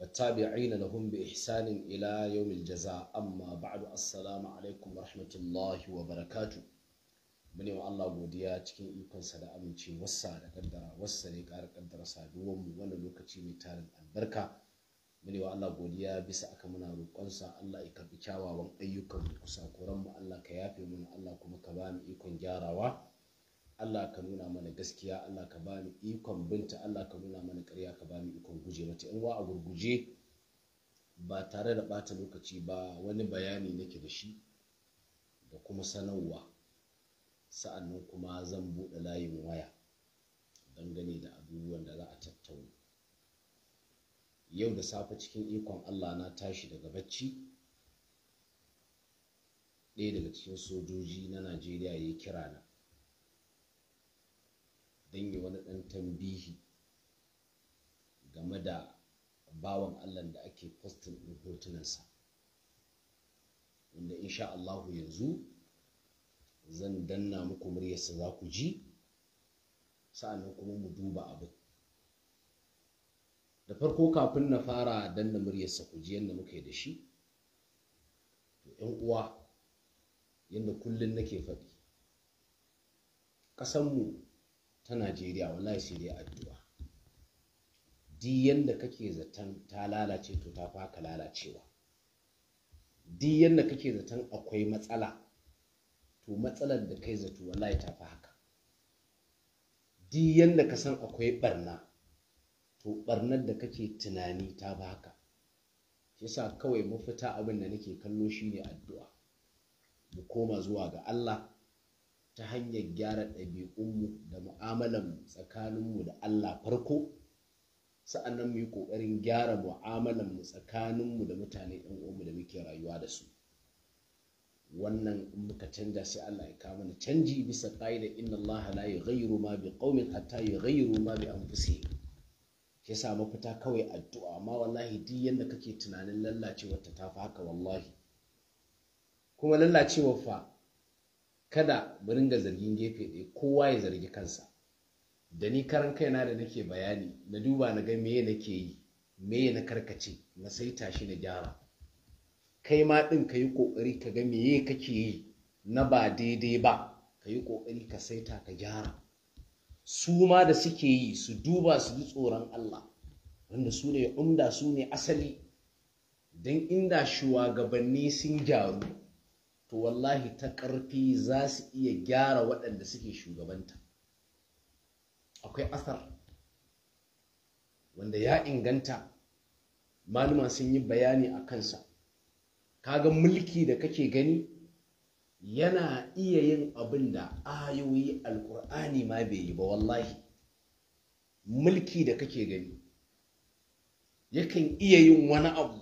والتابعين لهم بإحسان إلى يوم الجزاء أما بعد السلام عليكم ورحمة الله وبركاته mune wa Allah godiya cikin ikonsa da amincewarsa da kaddara wassa ne ƙara kaddara saduwar mu wannan lokaci mai tarin albarka mune wa Allah godiya bisa aka muna roƙonsa Allah ya karbi kyawawan ayyukan mu kusa mu Allah ka yafe mana Allah kuma ka ba mu ikon gyarawa Allah ka nuna mana gaskiya Allah ka ba mu ikon binta Allah ka nuna mana ƙarya ka ba mu ikon guje mata in wa a gurguje ba tare da ɓata lokaci ba wani bayani nake da shi da kuma sanarwa sa'annan kuma zan buɗe layin waya dangane da abubuwan da za a tattauna yau da safe cikin ikon Allah na tashi daga bacci ɗaya daga cikin sojoji na Najeriya ya kira na don yi wani ɗan tambihi game da bawan allah da ake postin ɗin hotunansa wanda insha Allahu yanzu zan danna muku muryarsa za ku ji sa'annan kuma mu duba abin da farko kafin na fara danna muryarsa ku ji yadda muka yi da shi yan uwa yadda kullum nake faɗi ƙasanmu ta najeriya wallahi sai dai addu'a di yanda kake zaton ta lalace to ta faka lalacewa di yanda kake zaton akwai matsala to matsalar da kai zato wallahi ta fi haka di yanda ka san akwai barna to barnar da kake tunani ta fi haka yasa kawai mafita abin da nake kallo shine addu'a mu koma zuwa ga Allah ta hanyar gyara ɗabi'unmu da mu'amalan tsakaninmu da Allah farko sa'annan mu yi ƙoƙarin gyara mu'amalan mu'amalanmu tsakaninmu da mutane ɗan uwanmu da muke rayuwa da su wannan in muka canja sai Allah ya kawo mana canji bisa ƙa'ida inna Allah la yughayyiru ma bi qaumin hatta yughayyiru ma bi anfusihim shi sa mafita kawai addu'a amma wallahi duk yanda kake tunanin lallacewar ta tafi haka wallahi kuma lallacewar fa kada mu ringa zargin gefe ɗaya kowa ya zargi kansa da ni karan kaina da nake bayani na duba na ga meye nake yi meye na karkace na saita shi na gyara kai ma ɗin ka yi ƙoƙari ka ga meye kake yi na ba daidai ba ka yi ƙoƙari ka saita ka gyara su ma da suke yi su duba su ji tsoron Allah wanda su ne umda su ne asali don inda shugabanni sun gyaru to wallahi ta ƙarfi za su iya gyara waɗanda suke shugabanta akwai asar wanda ya inganta malama sun yi bayani a kansa kaga mulki da kake gani yana iya yin abin da ayoyi alkur'ani ma bai yi ba wallahi mulki da kake gani yakan iya yin wani abu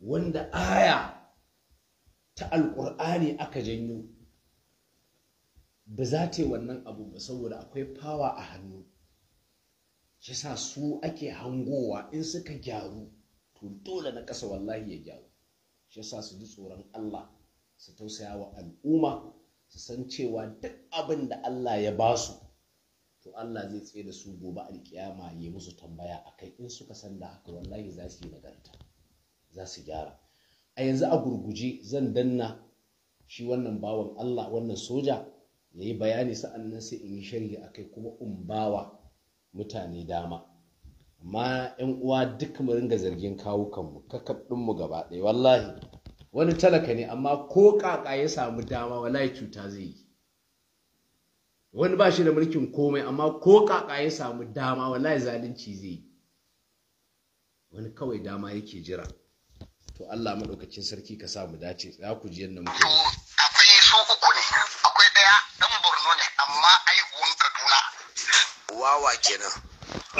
wanda aya ta alƙur'ani aka janyo ba za ta yi wannan abu ba saboda akwai fawa a hannu shi sa su ake hangowa in suka gyaru to dole na ƙasa wallahi ya gyaru shi sa su ji tsoron Allah su tausaya wa al'umma su san cewa duk abin da Allah ya ba su to Allah zai tsaye da su gobe alkiyama ya musu tambaya akai in suka san da haka wallahi za su yi nagarta za su gyara a yanzu a gurguje zan danna shi wannan bawan Allah wannan soja ya yi bayani sa'annan sai in yi shari'a a kai kuma in bawa mutane dama amma yan uwa duk mu ringa zargin kawo kanmu kakab mu gaba ɗaya wallahi wani talaka ne amma ko kaka ya samu dama wallahi cuta zai yi wani ba shi da mulkin komai amma ko kaka ya samu dama wallahi zalunci zai yi wani kawai dama yake jira to Allah maɗaukacin sarki ka sa mu dace za ku ji yadda muke akwai su uku ne akwai ɗaya ɗan Borno ne amma aihuwan Kaduna wawa kenan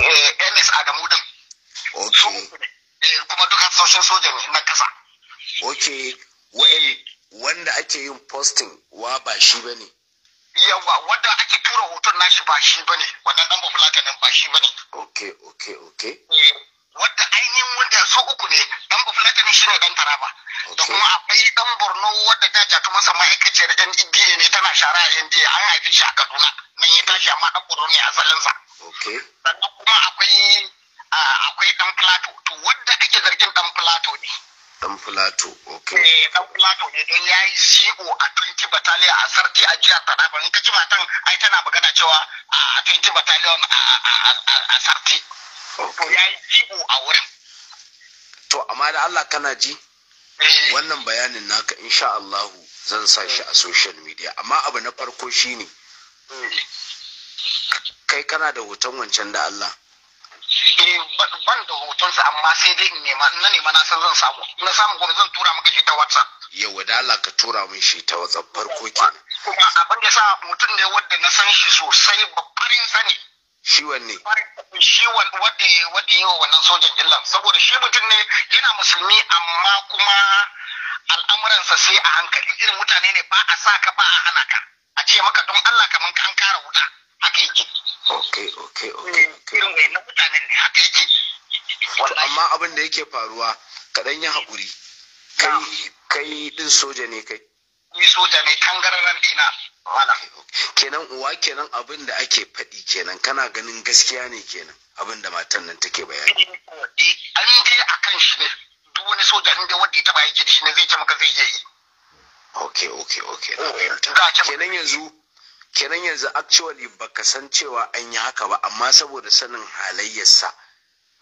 eh MS Adamu dan Ok. eh kuma duka soshin sojan ne na kasa okay wai wanda ake yin posting wa ba shi bane yawa wanda ake tura hoton nashi ba shi bane wannan dan bafulaka nan ba shi bane ok ok. okay eh, wanda ainihin wanda su uku ne wannan shine dan taraba da kuma akwai dan borno wadda ta jatu masa ma'aikaciyar nba ne tana shara a nba an haifi shi a kaduna nan ya tashi amma dan borno ne asalinsa sannan kuma akwai akwai dan plato to wadda ake zargin dan plato ne dan plato okay eh dan plato ne don yayi CO a Twenty battalion a sarki a jihar Taraba in kaci matan ai tana magana cewa a Twenty battalion a sarki to yayi CO a wurin to amma da Allah kana ji eh. wannan bayanin naka insha Allah zan sa shi a social media amma abu na farko shine kai kana da hoton wancan da Allah eh, ban da hotonsa amma sai dai in nema na nema na san zan samu na samu gobe zan tura maka shi ta WhatsApp yawa da Allah ka tura min shi ta WhatsApp farko kenan kuma abin da sa mutum ne wanda na san shi sosai babbarin sani shi wanne shi wanda wanda yi wa wannan sojan illa saboda shi mutum ne yana musulmi amma kuma al'amuransa sai a hankali irin mutane ne ba a sa ka ba a hana ka a ce maka don Allah kaman ka an kara wuta haka yake okay okay okay mm, irin wani mutanen ne haka yake amma abin da yake faruwa kadan ya haƙuri kai kai din soja ne kai ni soja ne tangararren dina kenan uwa kenan abin da ake faɗi kenan kana ganin gaskiya ne kenan abin da matan nan take bayani eh, eh, an dai a kan shi ne duk wani soja inda wanda ya taba yake da shi ne zai ce maka zai yi ok ok ok eh, kenan yanzu kenan yanzu actually baka san cewa an yi haka ba amma saboda sanin halayyarsa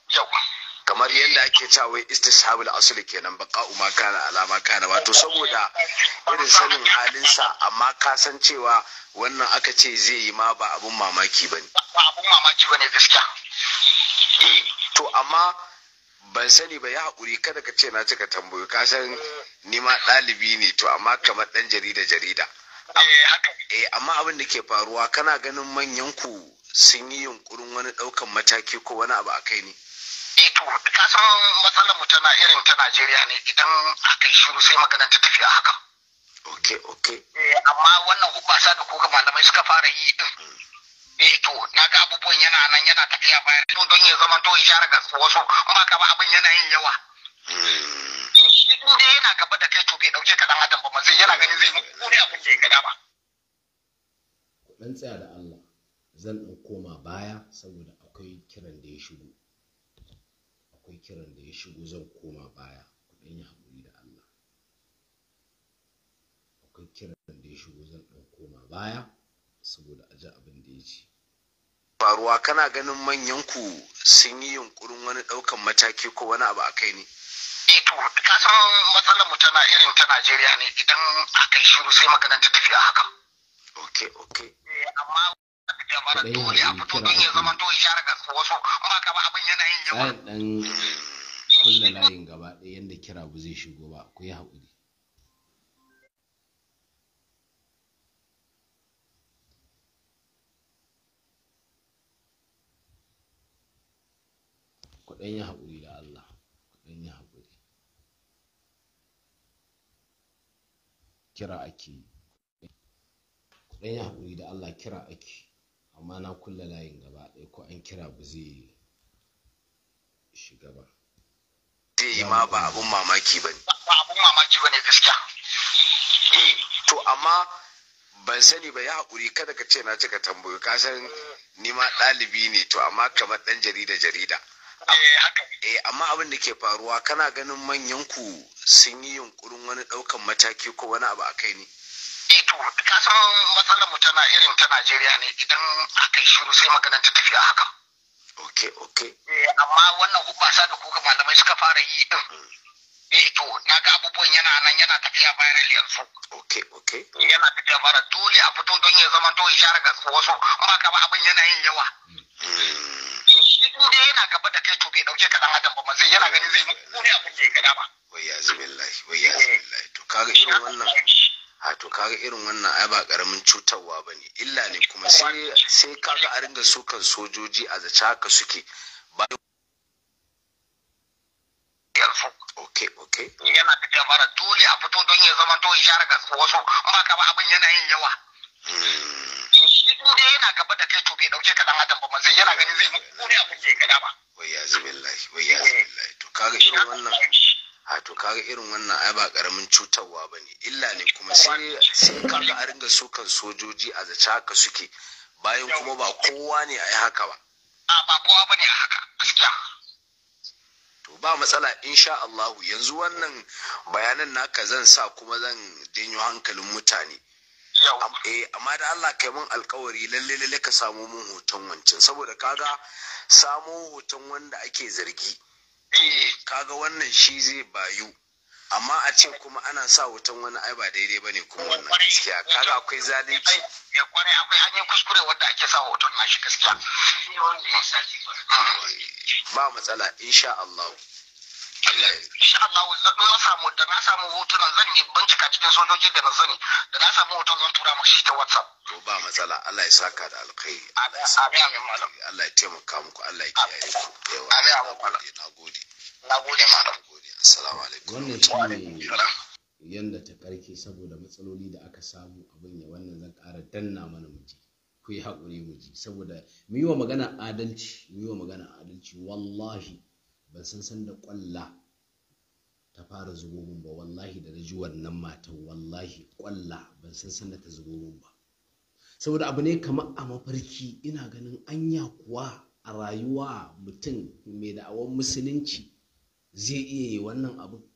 yawa kamar yadda ake wai istishabul asli kenan baka uma kana alama kana wato saboda irin sanin halinsa amma ka san cewa wannan aka ce zai yi ma ba abun mamaki bane ba abun mamaki bane gaskiya eh, to amma ban sani ba ya hakuri kada ka ce na cika tambayo ka san ni ma ɗalibi ne to amma kamar ɗan jarida jarida eh, eh amma abin da ke faruwa kana ganin manyan ku sun yi yunkurin wani ɗaukan mataki ko wani abu a kai ne to ka san matsalar mu tana irin ta Najeriya ne idan aka yi shiru sai maganar ta tafi a haka ok ok eh, amma wannan hubbasa da kuka malamai suka fara yi din hmm. eh to na ga abubuwan yana nan yana tafiya bayan to don ya zama to ishara ga wasu kuma ka ba abin yana yin yawa hmm. eh, shi in dai yana gaba da kai to bai dauke ka dan adam ba ma sai yana ganin zai muku ne abin da ya gada ba dan tsaya da Allah zan ɗauko ma baya saboda shigo zan koma baya ku ɗan haƙuri da Allah akwai kiran da ya shigo zan ɗan koma baya saboda a ji abin da ya ce faruwa kana ganin manyan ku sun yi yunkurin wani ɗaukan mataki ko wani abu a kai ne e, to ka san matsalar mu tana irin ta Najeriya ne idan aka yi shiru sai maganar ta tafi a haka okay okay e, amma da dole a fito don ya zama to ya share ga wasu ba ka ba abin yana yin yawa kulle layin gaba ɗaya yadda kira ba zai shigo ba ku yi haƙuri ku ɗan yi haƙuri da Allah ku ɗan yi haƙuri kira ake ku ɗan yi haƙuri da Allah kira ake amma na kulle layin gaba ɗaya ko an kira ba zai shiga ba zai yi ma ba abun mamaki ba ne ba abun mamaki ba ne gaskiya eh, to amma ban sani ba ya haƙuri kada ka ce na cika tambayi. ka san ni ma ɗalibi ne to amma kamar ɗan jarida jarida eh, eh amma abin da ke faruwa kana ganin manyan ku sun yi yunkurin wani ɗaukan mataki ko wani abu a kai ne Eto, eh, ka san matsalar mu tana irin ta Najeriya ne idan aka yi shiru sai maganar ta tafiya haka okay eh, amma wannan hubbasa da kuka malamai suka fara yi din hmm. eh to abubuwan yana nan yana tafiya viral yanzu okay okay yana tafiya viral dole a fito don ya zama to ishara ga wasu kuma ka ba abin yana yin yawa hmm. eh, shi dai yana gaba da kai to bai dauke ka dan adam ba mazai yana ganin zai muku ne abin da ya gada ba wai ya zubillahi wai ya zubillahi to kaga irin eh, wannan a to kaga irin wannan ai ba karamin cutarwa ba ne illa ne kuma sai kaga a ringa sukan sojoji a zace haka suke ba yanzu ok okay yana tafiya mara dole a fito don ya zama to ishara ga wasu ba ka ba abin yana yin yawa hmm. shi in yana gaba da kai to bai dauke ka dan adam ba sai yana ganin zai muku ne abin da ya gada ba wai ya zubillahi wai ya zubillahi to kaga irin wannan a to kaga irin wannan ai ba karamin cutarwa ba ne illa ne kuma sai kaga a ringa sukan sojoji a zace haka suke bayan kuma ba kowa ne a yi haka ba a ba kowa ba ne a haka gaskiya to ba matsala insha Allahu yanzu wannan bayanan naka zan sa kuma zan janyo hankalin mutane eh, amma da Allah kai mun alkawari lalle lalle ka samu mun hoton wancan saboda kaga samo hoton wanda ake zargi Eh, kaga wannan shi zai bayu amma a ce kuma ana sa wutan wani ai ba daidai bane kuma wannan gaskiya kaga akwai zalunci ya eh, kware akwai hanyar kuskure wanda ake sa hoton nashi gaskiya eh, ba matsala insha Allah insha Allah na samu da na samu hotunan zan yi bincika cikin sojoji da na sani da na samu hoton zan tura shi ta WhatsApp to ba matsala Allah ya saka da alkhairi amin amin malam Allah ya taimaka muku Allah ya kiyaye ku yawa amin amin malam nagode nagode malam nagode assalamu alaikum wannan shine yanda ta karke saboda matsaloli da aka samu abin ya wannan zan ƙara danna mana mu ji ku yi haƙuri mu saboda mu yi wa magana adalci mu yi wa magana adalci wallahi ban san san da kwalla ta fara zubo min ba wallahi da ji wannan matan wallahi kwalla ban san san da ta zubo min ba saboda abu ne kamar a mafarki ina ganin anya kuwa a rayuwa mutum mai da'awar musulunci zai iya yi wannan abu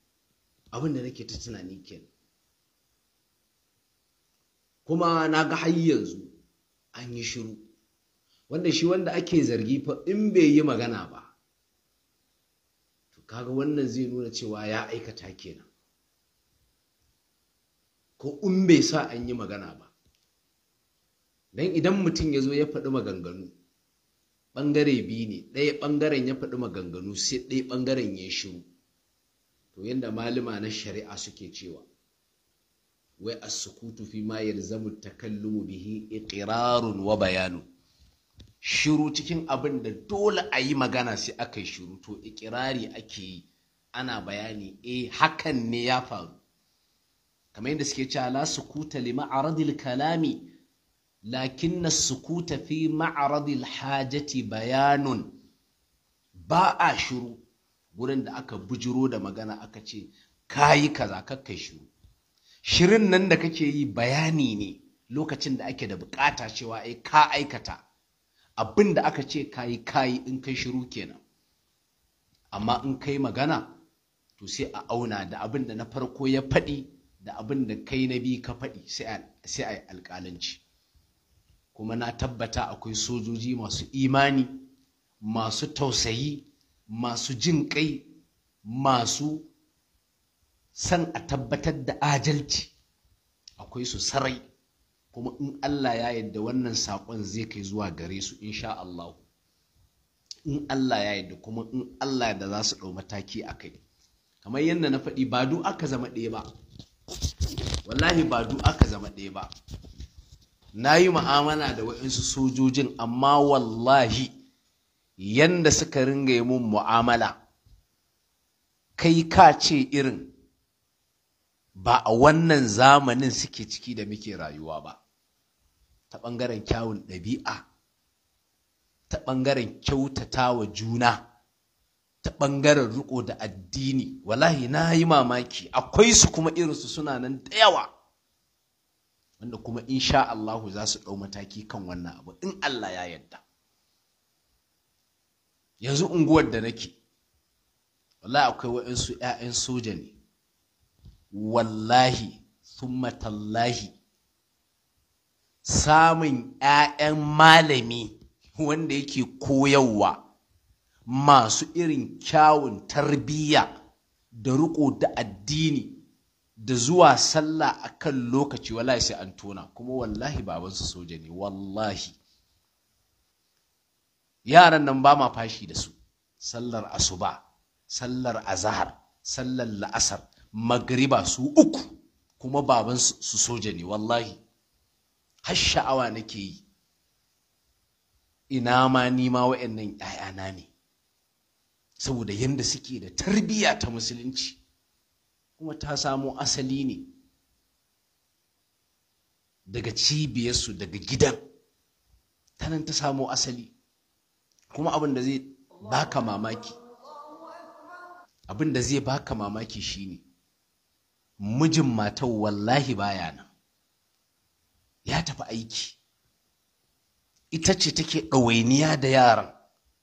abin da nake ta tunani kenan kuma na ga har yanzu an yi shiru wanda shi wanda ake zargi fa in bai yi magana ba kaga wannan zai nuna cewa ya aikata kenan ko in bai sa an yi magana ba don idan mutum ya zo ya faɗi maganganu ɓangare biyu ne ɗaya ɓangaren ya faɗi maganganu sai ɗaya ɓangaren ya shiru to yadda malama na shari'a suke cewa wai as-sukutu fi ma yalzamu takallumu bihi iqrarun wa bayanu shiru cikin abin da dole a yi magana sai aka yi shiru to ikirari ake yi ana bayani eh hakan ne ya faru kamar yadda suke cewa la sukuta li ma'aradil kalami lakin na sukuta fi ma'aradil hajati bayanun ba a shiru wurin da aka bujiro da magana aka ce kayi kaza kakkai shiru shirin nan da kake yi bayani ne lokacin da ake da bukata cewa ai eh, ka aikata abin da aka ce kayi kayi in kai shiru kenan amma in kai magana to sai a auna da abin da na farko ya faɗi da abin da kai na biyu ka faɗi sai a yi alƙalanci kuma na tabbata akwai sojoji masu imani masu tausayi masu jin kai masu san a tabbatar da ajalci akwai su sarai kuma in Allah ya yadda wannan saƙon zai kai zuwa gare su insha Allah in Allah ya yadda kuma in Allah da za su ɗau mataki a kai kamar yadda na faɗi ba du aka zama ɗaya ba wallahi ba du aka zama ɗaya ba na yi ma'amala da waɗansu sojojin amma wallahi yadda suka ringa yi mun mu'amala kai ka ce irin ba a wannan zamanin suke ciki da muke rayuwa ba ta ɓangaren kyawun ɗabi'a ta ɓangaren kyautata wa juna ta ɓangaren riƙo da addini wallahi na yi mamaki akwai su kuma irinsu suna nan da yawa wanda kuma insha Allahu za su ɗau mataki kan wannan abu in Allah ya yadda yanzu unguwar da nake wallahi akwai waɗansu 'ya'yan soja ne wallahi sun matallahi samun 'ya'yan malami wanda yake koyarwa masu irin kyawun tarbiyya da riko da addini da zuwa sallah a kan lokaci wallahi sai an tona kuma wallahi babansu soja ne wallahi yaran nan ba ma fashi da su sallar asuba sallar azahar sallar la'asar magriba su uku kuma babansu soja ne wallahi har sha'awa nake yi ina ma ni ma wa'annan ‘ya'yana ne saboda yadda suke da tarbiyya ta musulunci kuma ta samo asali ne daga cibiyarsu daga gidan ta nan ta samo asali kuma abin da zai baka mamaki abin da zai baka mamaki shine mijin matau wallahi baya nan ya tafi aiki ita ce take ɗawainiya da yaran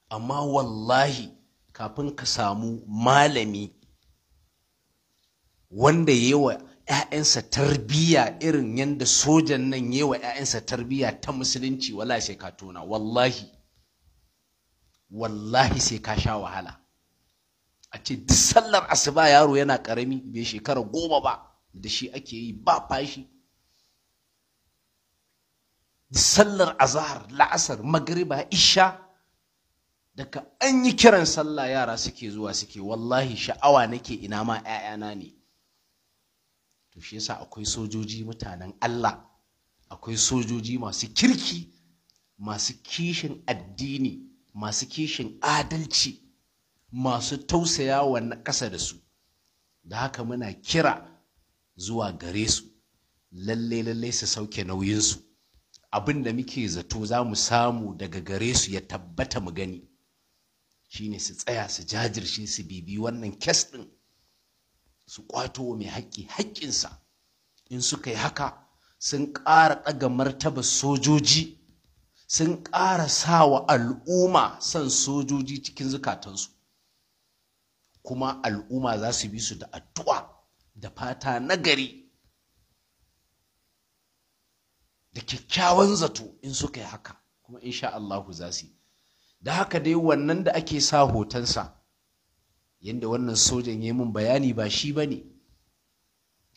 amma wallahi kafin ka samu malami wanda ya wa ‘ya'yansa tarbiya irin yadda sojan nan ya wa ‘ya'yansa tarbiya ta musulunci wala sai ka tona wallahi wallahi sai ka sha wahala a ce duk sallar asuba yaro yana ƙarami bai shekara goma ba da shi ake yi ba fashi sallar azahar la'asar magriba isha daga an yi kiran sallah yara suke zuwa suke wallahi sha'awa nake ina ma 'ya'yana ne to shi yasa akwai sojoji mutanen Allah akwai sojoji masu kirki masu kishin addini masu kishin adalci masu tausaya wa na ƙasa da su da haka muna kira zuwa gare su lalle lalle su sauke nauyinsu abin da muke zato za mu samu daga gare su ya tabbata mu gani shine su tsaya su jajirce su bibi wannan kes ɗin su kwato mai haƙƙi haƙƙinsa in suka yi haka sun ƙara ɗaga martaba sojoji sun ƙara sa wa al'umma son sojoji cikin zukatansu kuma al'umma za su bi su da addu'a da fata nagari da kyakkyawan zato in suka yi haka kuma insha Allahu za su da haka dai wannan da ake sa hotonsa yadda wannan sojan ya mun bayani ba shi ba ne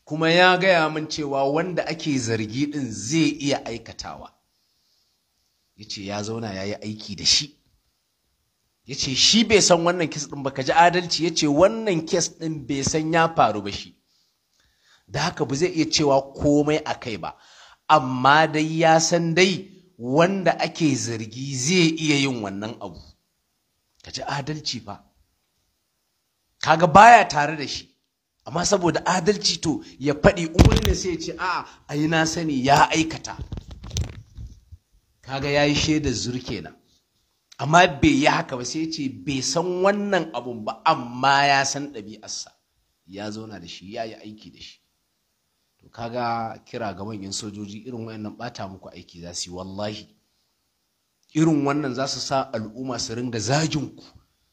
kuma ya gaya min cewa wanda ake zargi ɗin zai iya aikatawa ya ce ya zauna ya yi aiki da shi ya ce shi bai san wannan kes ɗin ba ka ji adalci ya ce wannan kes ɗin bai san ya faru ba shi da haka ba zai iya cewa komai a kai ba amma dai ya san dai wanda ake zargi zai iya yin wannan abu ka ji adalci fa kaga baya tare da shi amma saboda adalci to ya faɗi umarni sai ya ce a'a a na sani ya aikata kaga ya yi shaida zurkena. na amma bai yi haka ba sai ya ce bai san wannan abun ba amma ya san ɗabi'arsa ya zauna da shi ya yi aiki da shi to kaga kira ga manyan sojoji irin wayannan bata muku aiki za su yi wallahi irin wannan za su sa al'umma su ringa zagin ku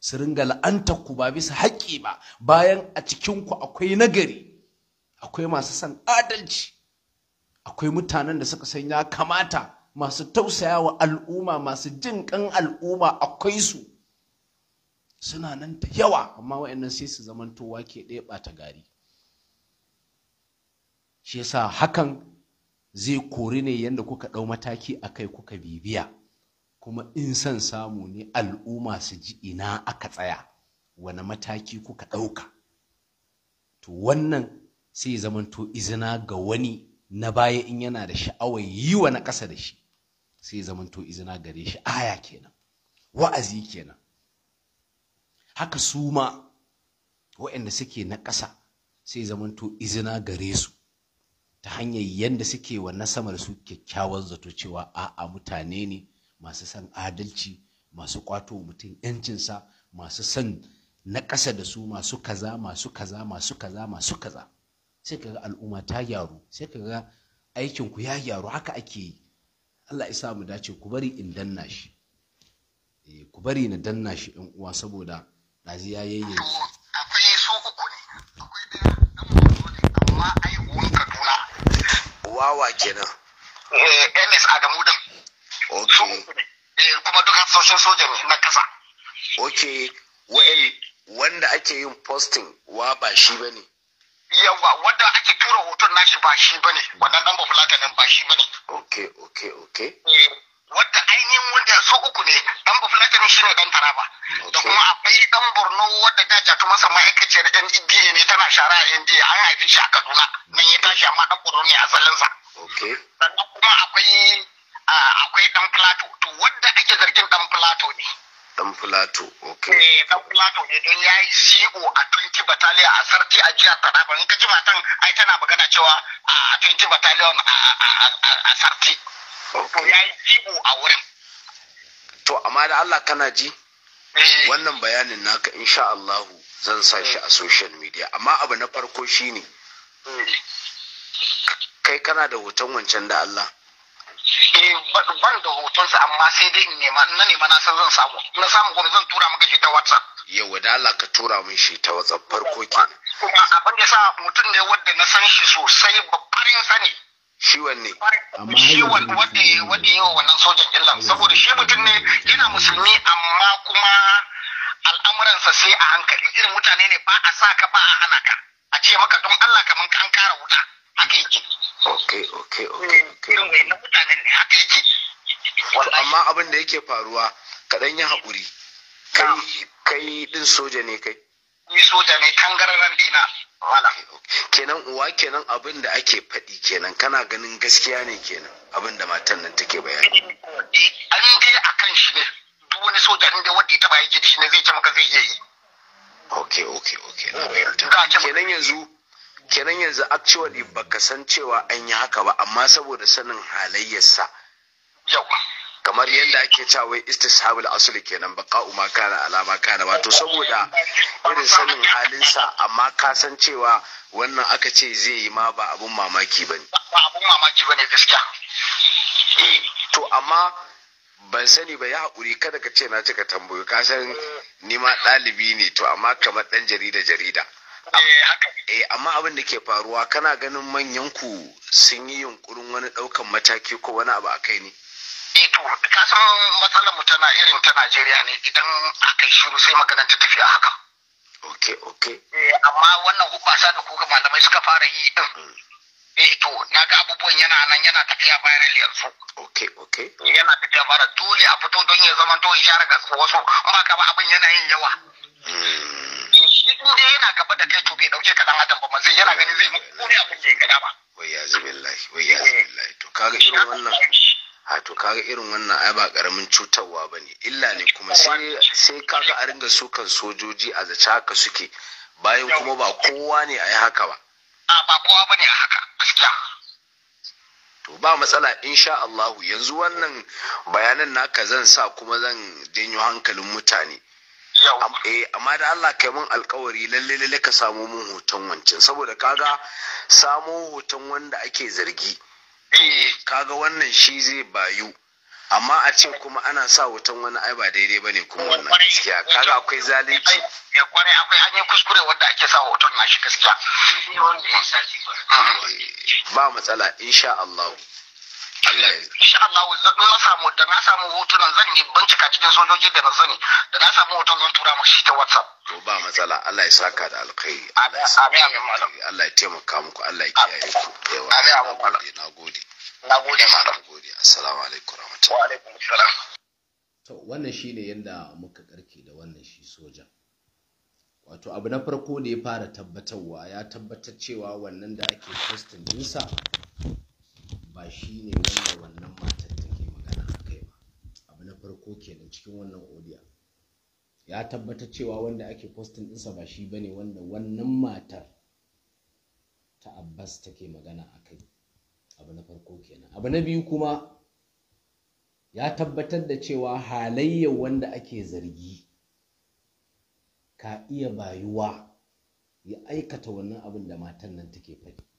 su ringa la'antar ku ba bisa haƙƙi ba bayan a cikin ku akwai nagari akwai masu san adalci akwai mutanen da suka san ya kamata masu tausaya wa al'umma masu jin kan al'umma akwai su suna nan ta yawa amma wayannan sai su zamantowa ke ɗaya ɓata gari shi yasa hakan zai kori ne yadda kuka ɗau mataki a kai kuka bibiya kuma in son samu ne al'umma su ji ina aka tsaya wani mataki kuka ɗauka to wannan sai zamanto izina ga wani na baya in yana da sha'awar yi wa na ƙasa da shi sai zamanto izina gare shi aya kenan wa'azi kenan haka su ma waɗanda suke na ƙasa sai zamanto izina gare su ta hanyar yadda suke wannan sama da su kyakkyawar zato cewa a'a mutane ne masu son adalci masu kwato mutum yancinsa masu son na ƙasa da su masu kaza masu kaza masu kaza masu kaza sai kaga al'umma ta gyaru sai kaga aikin ku ya gyaru haka ake yi Allah ya mu dace ku bari in danna shi eh, ku bari na danna shi in uwa saboda ɗazi ya yayyanki wawa kenan ns eh, adamu din okay eh, kuma dukkan social soja na kasa okay well wanda ake yin posting wa ba shi bane yawa wanda ake tura hoton nashi ba shi bane wannan dan ba fulatanin ba shi bane okay okay okay eh. wadda ainihin wanda su uku ne dan ne shi ne dan taraba da kuma akwai dan borno wadda ta jatu masa ma'aikaciyar nda ne tana shara a nda an haifi shi a kaduna nan ya tashi amma dan borno ne asalinsa sannan kuma akwai akwai dan plato to wadda ake zargin dan plato ne dan plato okay eh dan plato ne don yayi co a 20 battalion a sarti a jiya taraba in ka ji matan ai tana magana cewa a 20 battalion a sarti ya yi ciwo a wurin to amma da Allah kana ji eh. wannan bayanin naka insha Allah zan sa shi a mm. social media amma abu na farko shine mm. kai kana da hoton wancan da Allah Eh ban da hotonsa amma sai dai in nema na nema na san zan samu na samu kuma zan tura maka shi ta WhatsApp yawa da Allah ka tura min shi ta WhatsApp farko kenan kuma abin da sa mutum ne wanda na san shi sosai babbar sani shi ne. shi wanda ya yi wa wannan sojan illan saboda shi mutum ne yana musulmi amma kuma al'amuransa sai a hankali irin mutane ne ba a sa ka ba a hana ka a ce maka don Allah kamar ka an kara wuta haka yake Ok ok ok. Hmm, irin wayannan mutane ne haka yake amma abin da yake faruwa kaɗan yi haƙuri kai kai din soja ne kai ni soja ne tangararren dina Eh, kenan uwa kenan abin da ake faɗi kenan kana ganin gaskiya ne kenan abin da matan nan take bayani eh, an dai akan shi ne duk wani soja in da wanda ya taba yake da shi ne zai ce maka zai iya yi okay okay okay na bayyana eh, kenan yanzu kenan yanzu actually baka san cewa an yi haka ba amma saboda sanin halayyarsa yawa kamar yadda ake cewa istishabul asli kenan baka ma kana alama kana wato saboda irin sanin halinsa amma ka san cewa wannan aka ce zai yi ma ba abun mamaki bane ba abun mamaki bane gaskiya eh, to amma ban sani ba ya haƙuri kada ka ce na cika tambayo ka san ni ma ɗalibi ne to amma kamar ɗan jarida jarida eh, eh amma abin da ke faruwa kana ganin manyan ku sun yi yunkurin wani ɗaukan mataki ko wani abu a kai ne eh to ka san matsalar mu tana irin ta Najeriya ne idan aka yi shiru sai maganar ta tafi haka okay okay eh amma wannan hubasa da kuka malamai suka fara yi din mm. eh to na ga abubuwan yana nan yana tafiya viral yanzu okay okay eh, yana tafiya bara dole a fito don ya zama to ishara ga wasu in ba ka ba abin yana yin yawa mm. eh, shi yana gaba da kai to bai dauke ka adam ba mazai yana ganin zai muku ne abin da ya gada ba wai ya zubillahi wai ya eh. zubillahi to kaga irin wannan a to kaga irin wannan ai ba karamin cutarwa ba ne illa ne kuma sai kaga a ringa sukan sojoji a zace haka suke bayan kuma ba kowa ne a yi haka ba a ba kowa ba ne a haka to ba matsala insha Allah yanzu wannan bayanan naka zan sa kuma zan janyo hankalin mutane Eh amma da Allah kai mun alkawari lalle lalle ka samu mun hoton wancan saboda kaga samo hoton wanda ake zargi Eh, kaga wannan shi zai bayu amma a ce kuma ana sa wutan wani ai ba daidai ba ne kuma wannan gaskiya kaga akwai zalunci ya eh, kwarai akwai hanyar kuskure wanda ake sa hoton shi gaskiya eh, ba matsala insha Allah insha Allah na samu da na samu hotunan zan yi bincika cikin sojoji da na sani da na samu hoton zan tura mu shi ta WhatsApp to ba matsala Allah ya saka da alkhairi amin amin malam Allah ya taimaka muku Allah ya kiyaye ku yawa amin amin malam Na gode, malam nagode assalamu alaikum warahmatullahi wa alaikum assalam to wannan shine yanda muka karke da wannan shi sojan wato abu na farko da ya fara tabbatarwa ya tabbatar cewa wannan da ake postin dinsa ba shi ne wanda wannan matar take magana a kai ba abu na farko kenan cikin wannan odiya ya tabbatar cewa wanda ake fostin ɗinsa ba shi bane wanda wannan matar ta abbas take magana a kai abu na farko kenan abu na biyu kuma ya tabbatar da cewa halayyar wanda ake zargi ka iya bayuwa ya aikata wannan abin da matan nan take faɗi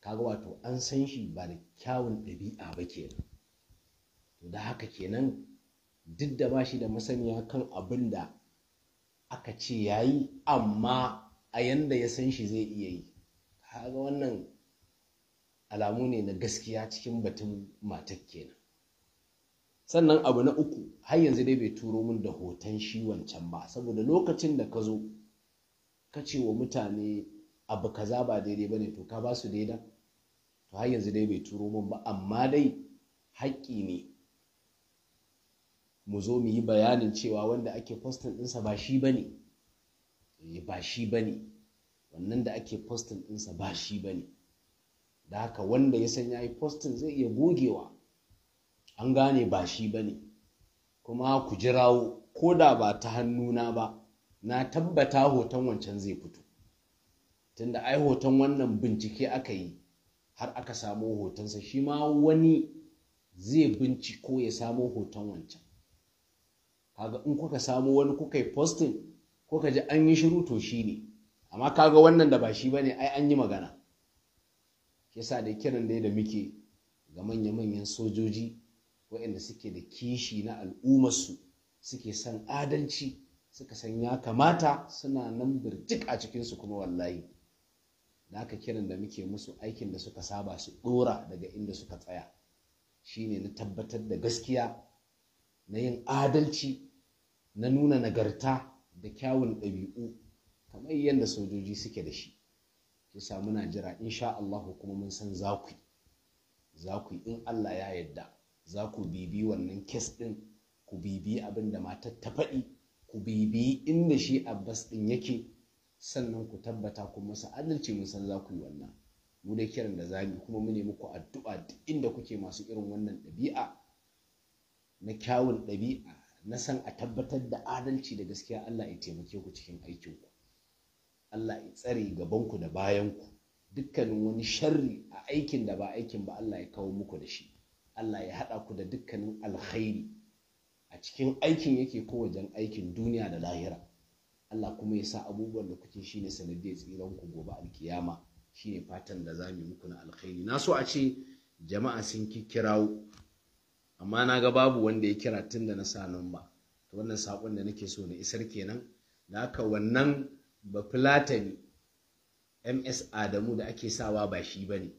kaga wato an san shi ba da kyawun ɗabi'a ba kenan to da haka kenan duk da ba shi da masaniya kan abin da aka ce ya yi amma a yanda ya san shi zai iya yi kaga wannan alamu ne na gaskiya cikin batun matar kenan sannan abu na uku har yanzu dai bai turo min da hoton shi wancan ba saboda lokacin da ka zo ka ce wa mutane abu kaza ba daidai bane to ka ba su daida to har yanzu dai bai turo mun ba amma dai haƙƙi ne mu zo mu yi bayanin cewa wanda ake postin ɗinsa ba shi ba ne. Eh, ba shi ba ne. wannan da ake postin ɗinsa ba shi ba ne. da haka wanda ya san ya yi postin zai iya gogewa an gane ba shi ba ne. kuma ku jirawo ko da ba ta hannuna ba na tabbata hoton wancan zai fito tunda ai hoton wannan bincike aka yi har aka samo hotonsa shi ma wani zai binciko ya samo hoton wancan kaga in kuka samo wani kuka yi posting kuka ji an yi shiru to shi ne amma kaga wannan da ba shi ba ne ai an yi magana yasa da kiran dai da muke ga manya-manyan sojoji waɗanda suke da kishi na al'ummarsu suke son adalci suka san ya kamata suna nan birjik a cikinsu kuma wallahi da aka kiran da muke musu aikin da suka saba su ɗora daga inda suka tsaya shine na tabbatar da gaskiya na yin adalci na nuna nagarta da kyawun ɗabi'u kamar yadda sojoji suke da shi yasa muna jira insha Allah kuma mun san za ku za ku in Allah ya yadda za ku bibi wannan kes ɗin ku bibi abin da matar ta faɗi ku bibi inda shi Abbas ɗin yake sannan ku tabbata ku masa adalci mun san za ku yi wannan mu dai kiran da zami kuma mu ne muku addu'a duk inda kuke masu irin wannan ɗabi'a na kyawun ɗabi'a na san a tabbatar da adalci da gaskiya Allah ya taimake ku cikin aikin ku Allah ya tsare gabanku da bayan ku dukkanin wani sharri a aikin da ba aikin ba Allah ya kawo muku da shi Allah ya haɗa ku da dukkanin alkhairi a cikin aikin yake ko wajen aikin duniya da lahira Allah kuma ya sa abubuwan da kuke shine sanadiyar tsiran ku gobe alkiyama Shi ne fatan da za mu yi muku na alkhairi na so a ce jama'a sun kikkirawo amma na ga babu wanda ya kira tun da na sa nan ba to wannan sakon da nake so na isar kenan da ka wannan ba filatani ms adamu da ake sawa ba shi bane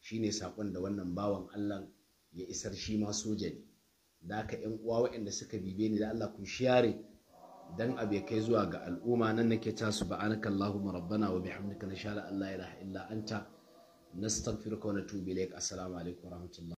shine sakon da wannan bawan Allah ya isar shi ma soja ne da ka yan uwa waɗanda suka bibe ni da Allah ku share dan abu ya kai zuwa ga al'umma nan nake ta ba'anaka allahumma rabbana wa bihamdika nashhadu an la ilaha illa anta nastaghfiruka wa natubu ilaik assalamu alaikum wa rahmatullah